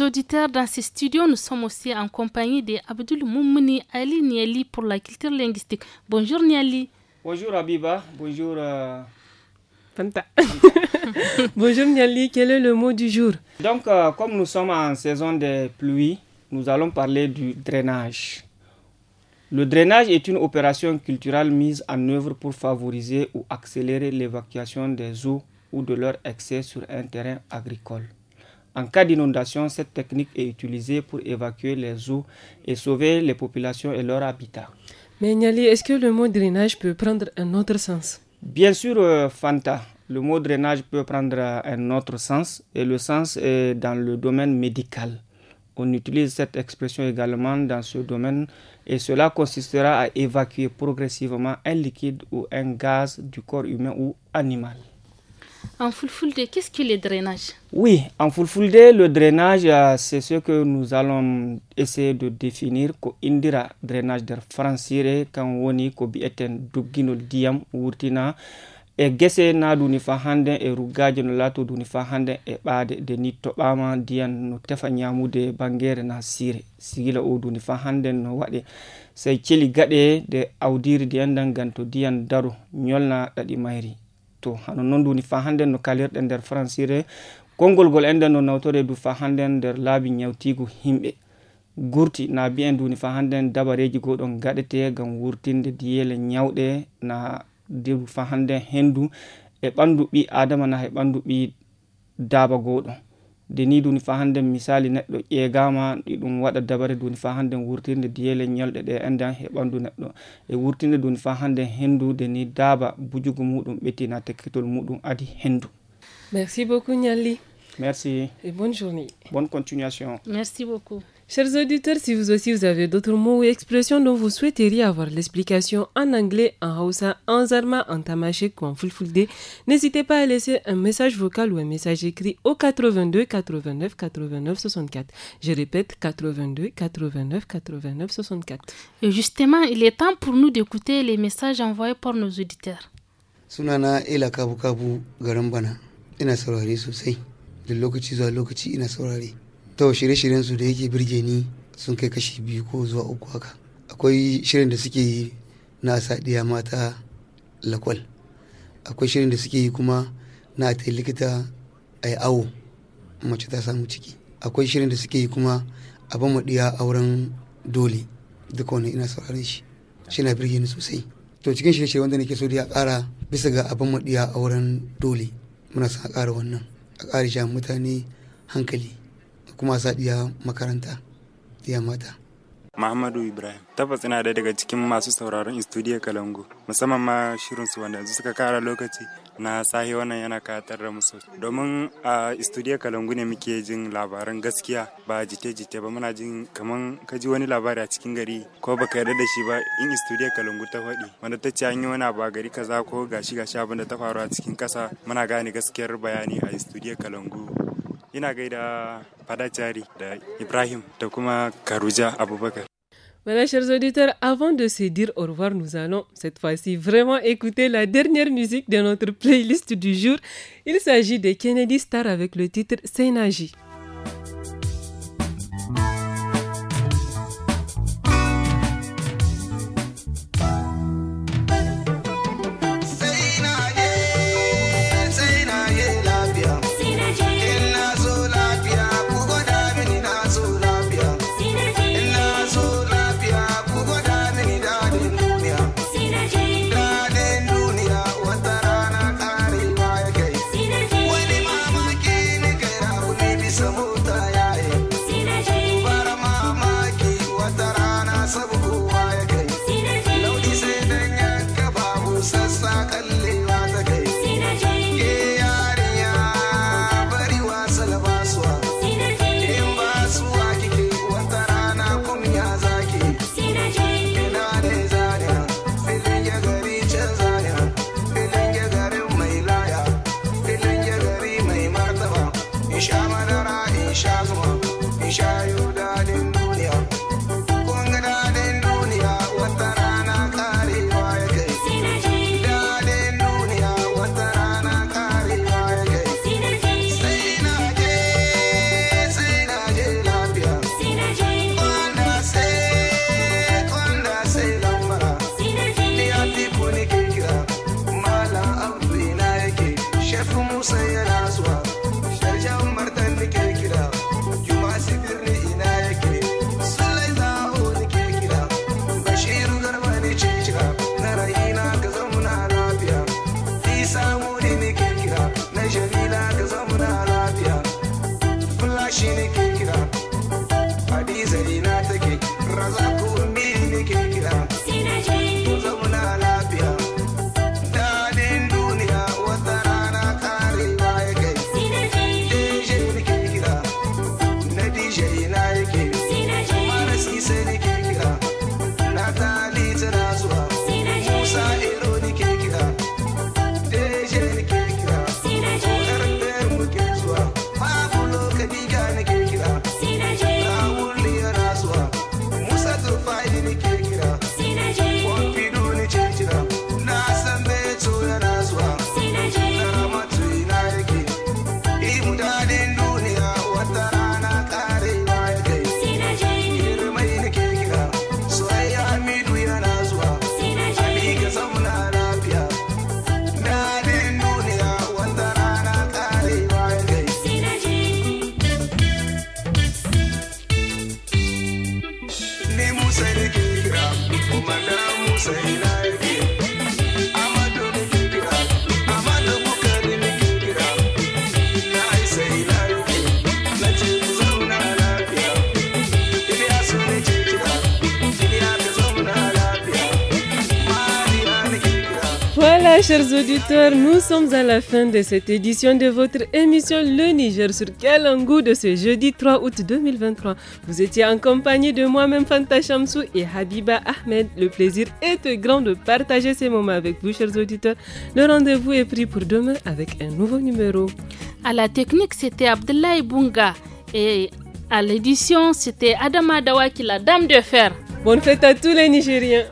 Speaker 2: auditeurs, dans ces studios, nous sommes aussi en compagnie de Abdul Moumouni Ali Niali pour la culture linguistique. Bonjour Niali.
Speaker 18: Bonjour Abiba. Bonjour. Euh, Fanta. Bonjour Niali. Quel est le mot du jour Donc, euh, comme nous sommes en saison des pluies, nous allons parler du drainage. Le drainage est une opération culturelle mise en œuvre pour favoriser ou accélérer l'évacuation des eaux ou de leur excès sur un terrain agricole. En cas d'inondation, cette technique est utilisée pour évacuer les eaux et sauver les populations et leur habitat.
Speaker 1: Mais Niali, est-ce que le mot drainage peut prendre un autre sens
Speaker 18: Bien sûr, euh, Fanta. Le mot drainage peut prendre euh, un autre sens et le sens est dans le domaine médical. On utilise cette expression également dans ce domaine et cela consistera à évacuer progressivement un liquide ou un gaz du corps humain ou animal.
Speaker 2: En Fulfulde, qu'est-ce que le drainage
Speaker 18: Oui, en Fulfulde, le drainage, euh, c'est ce que nous allons essayer de définir ko indira drainage der francire kan woni ko eten dugginol diyam wurtina e gese na Dunifa fa hande e ruggaji no laato duni fa hande e de ni toɓama no tefa nyamude bangere na sire sigila o Dunifa fa hande no wadi c'est Chili Gade, de awdiri de endan gan to nyolna daro ñolna to hano non duni fa hannden no kalirɗe nder francire konngol ngol enden no nawtore du fa hannden nder laabi ñawtigu himɓe gurti na bi en duni fa hannden dabareji goɗon gaɗete gam wurtinde diyele ñawɗe na du fa hannden henndu e ɓanndu ɓi adama na e ɓanndu ɓi daaba goɗon de ni duni fa hannden misali neɗɗo ƴeegama ɗum waɗa dabare duni fa hannden wurtinde diyele ñolɗe ɗe enden he ɓandu neɗɗo e wurtinde duni fa hendude ni daaba bujugo muɗum ɓettina tekkitol muɗum adi hendu
Speaker 1: merci beaucoup ñalli merci et bonne journée
Speaker 18: bonne continuation
Speaker 1: merci beaucoup Chers auditeurs, si vous aussi vous avez d'autres mots ou expressions dont vous souhaiteriez avoir l'explication en anglais, en haoussa, en zarma, en tamashek ou en fulfulde, n'hésitez pas à laisser un message vocal ou un message écrit au 82 89 89 64. Je répète, 82 89 89 64. Et justement, il
Speaker 2: est temps pour nous
Speaker 1: d'écouter les messages envoyés par nos auditeurs.
Speaker 7: Sunana
Speaker 10: Kabu Garambana. to shirye-shiryen su da yake birge ni sun kai kashi biyu ko zuwa uku haka akwai shirin da suke yi na sadiya mata lakwal akwai shirin da suke yi kuma na ta likita a yi awo mace ta samu ciki akwai shirin da suke yi kuma a ban maɗiya auren dole duka wani ina sauraron shi shi na birge ni sosai to cikin shirye wanda nake so da ƙara bisa ga abin maɗiya auren dole muna son a ƙara wannan a ƙara mutane hankali kuma sa ɗiya makaranta ya mata.
Speaker 11: Muhammadu Ibrahim tabbas ina ɗaya daga cikin masu sauraron Studio Kalango musamman ma shirin su wanda suka kara lokaci na sahi wannan yana katar da musu domin a Studio Kalango ne muke jin labaran gaskiya ba jite-jite ba muna jin kaman ka ji wani labari a cikin gari ko baka yarda da shi ba in Studio Kalango ta faɗi wanda ta ce an yi wani ba gari kaza ko gashi gashi abin da ta faru a cikin kasa muna gane gaskiyar bayani a Studio Kalango Madame,
Speaker 1: Voilà, chers auditeurs, avant de se dire au revoir, nous allons cette fois-ci vraiment écouter la dernière musique de notre playlist du jour. Il s'agit de Kennedy Star avec le titre Seinaji. chers auditeurs, nous sommes à la fin de cette édition de votre émission Le Niger sur Kalangou de ce jeudi 3 août 2023. Vous étiez en compagnie de moi-même Fanta Chamsou et Habiba Ahmed. Le plaisir est grand de partager ces moments avec vous, chers auditeurs. Le rendez-vous est pris pour demain avec un nouveau numéro. À la technique, c'était Abdoulaye Bunga et à
Speaker 2: l'édition, c'était Adama Dawaki, la dame de fer. Bonne fête à tous les Nigériens.